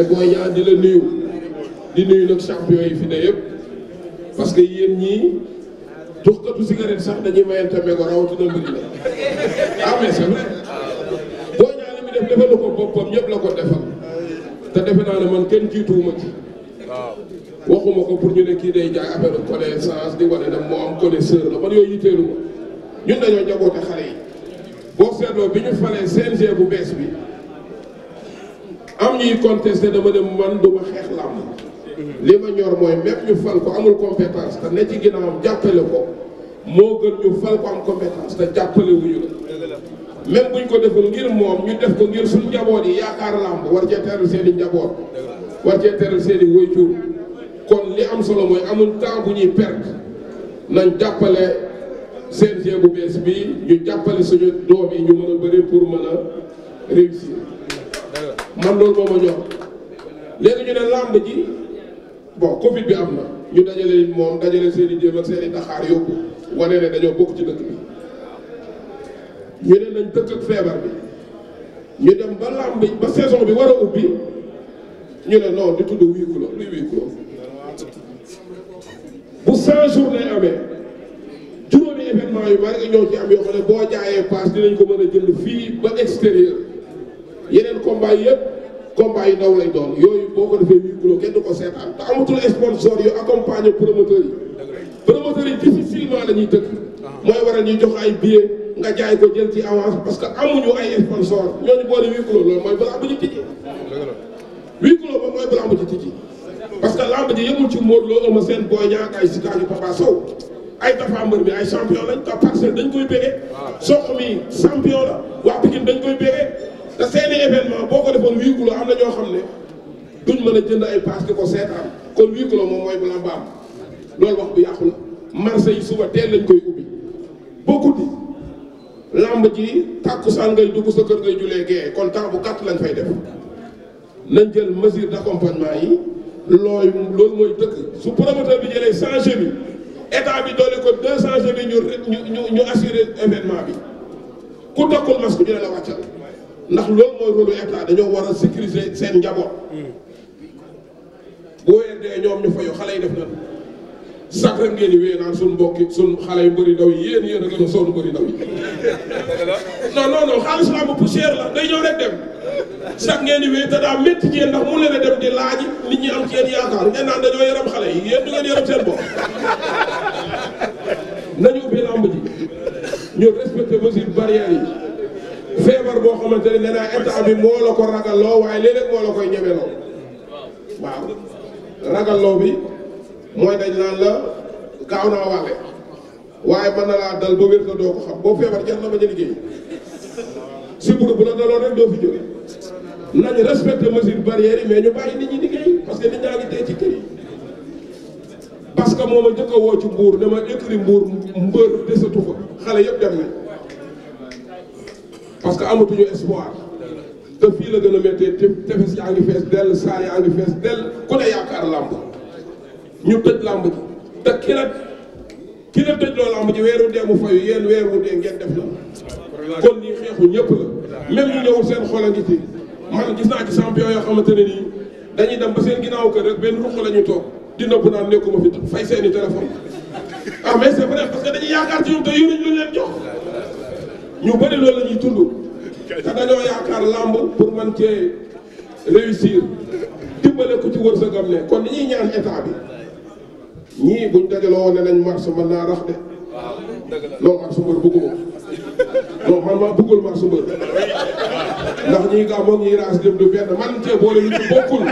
mais Boy Niang di la nuyu di nuyu nag champion yi fi de yëpp parce que yéen ñii joxkatu cigarette sax dañuy mayante mais ko rawatina mbir la ah mais c'est vrai Boy Niang li mu def defalu ko boppam ñëpp la ko defal te defe naa ne man kenn jiituwuma ci waxuma ko pour ñu ne kii day jaay affaire connaissance di wane ne moo am connaisseur la man yooyu yitteelu ñun dañoo jagoote xale yi boo seetloo bi bu bees bi am ñuy contesté dama dem man duma xeex làmb li ma ñor mooy même ñu fal ko amul compétence te ne ci ginnaawam jàppale ko moo gën ñu fal ko am compétence te jàppale wuñu la même buñ ko deful ngir moom ñu def ko ngir suñ njaboot yi yaakaar làmb war cee teral seen i njaboot war cee teral seen i wëycur kon li am solo mooy amul temps bu ñuy perte nañ jàppale seen bu bees bi ñu jàppale suñu doom yi ñu mën a bëri pour mën a réussir man loolu moo ma ñor léegi ñu ne làmb ji bon Covid bi am na ñu dajale leen moom dajale seen i jéem ak seen yóbbu wane ne dañoo bokk ci dëkk bi ñu ne nañ feebar bi dem ba làmb ba saison bi war a ubbi ñu ne non di tudd huis clos luy huis clos bu cent jours lay amee juróomi événement yu bari ñoo ci am yoo xam ne boo jaayee paas dinañ ko mën a jënd fii ba extérieur yeneen combat yëpp combat yu ndaw lay doon yooyu boo ko defee huit kilos kenn ko seetaan te amatul sponsor yu accompagner promoteurs yi promoteurs yi difficilement la ñuy tëkk ah. mooy waral ñuy jox ay billets nga jaay ko jël ci avance parce que amuñu ay sponsor ñooñu boole huit kilos loolu mooy balaa bu ñu tijji huit kilos moom mooy balaa bu ñu tijji parce que lamb ji yëmul ci Modou Lo Eumeu Sène Boy Niang ay Sika yu Papa ay Tapha Mbeur bi ay champion lañ te Parcelles dañ koy bégee te seeni événement boo ko defoon huis am na ñoo xam ne duñ mën a jënd ay paas di ko seetaan kon huis moom mooy bu la mbaam loolu wax bu yàqu la marché yi suba teel lañ koy ubbi ba guddi làmb ji tàkkusaan ngay dugg sa kër ngay julee gee kon temps bu gàtt lañ fay def nañ jël mesure d'accompagnement yi looy loolu mooy dëkk su promoteur bi jëlee cent jeunes état bi doole ko deux cent jeunes ñu ñu ñu assurer événement bi ku takkul masque ñu ne la wàccal ndax loolu mooy rôle état dañoo war a sécuriser seen njaboot hmm. bu weer dee ñoom ñu fayu xale yi def na sax rek ngeen di wéy naan suñu yi suñu xale yu bëri ndaw yi yéen yéen a gën a sonn bëri ndaw yi non ngeen di wéy te daa métti ci yéen ndax mun leen a dem di laaji nit am ci yéen yaakaar ngeen naan dañoo yaram xale yi yéen du ngeen yaram seen bopp nañu ubbi làmb ji ñu respecté mesures barrières yi feebar boo xamante ne nee naa état bi moo la ko ragalloo waaye léeg-léeg moo la koy ñemeloo waaw ragalloo bi mooy dañ naan la gaaw naa wàlle waaye mën na laa dal ba wér na doo ko xam boo feebar jar na ma ñu liggéey si buru bu la daloon rek doo fi jóge nañ respecté mesure barrière yi mais ñu bàyyi nit ñi liggéey parce que nit ñaa tey ci kër yi parce que moom a njëkk woo ci mbuur dama écrit mbuur mbër desatu fa xale yëpp dem nañ parce que amatuñu espoir te fii la gën a méttee te tefes yaa ngi fees dell saa yaa ngi fees dell ku ne yaakaar làmb ñu tëj làmb ji te ki la ki la tëj loo làmb ji weeru dee mu fayu yéen weer wu dee ngeen def la kon nii xeexu ñëpp la même ñu ñëwul seen xol a ngi ci man gis naa ci champion yoo xamante ne nii dañuy dem ba seen ginnaaw kër benn ruq la ñu toog di nëbb naan nekkuma fi fay seeni téléphone ah mais c'est vrai parce dañuy yaakaar ci ñoom te yéen ñu ñu bëri loolu la ñuy dund te dañoo yaakaar làmb pour man cee réussir dimbale ku ci wërsëgam ne kon ni ñuy ñaan état bi ñii buñ dajaloo woon ne nañ mars mën naa rax de non mars mbër bëgguma non man maa bëggul mars mbër ndax ñii gàmmoog ñii raas dem du benn man cee boole yu bokkul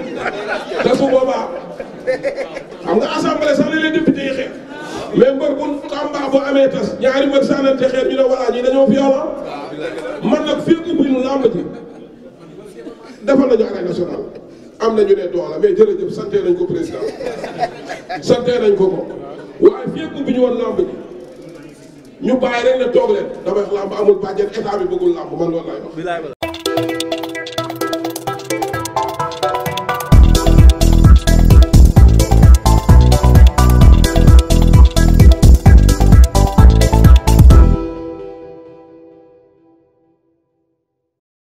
defal nañu arène nationale am nañu ne doole mais jërëjëf sante nañ ko président sante nañ ko ko waaye fépp bi ñu woon làmb ji ñu bàyyi rek a toog leen damay làmb amul bàjjen état bi bëggul man loolu laay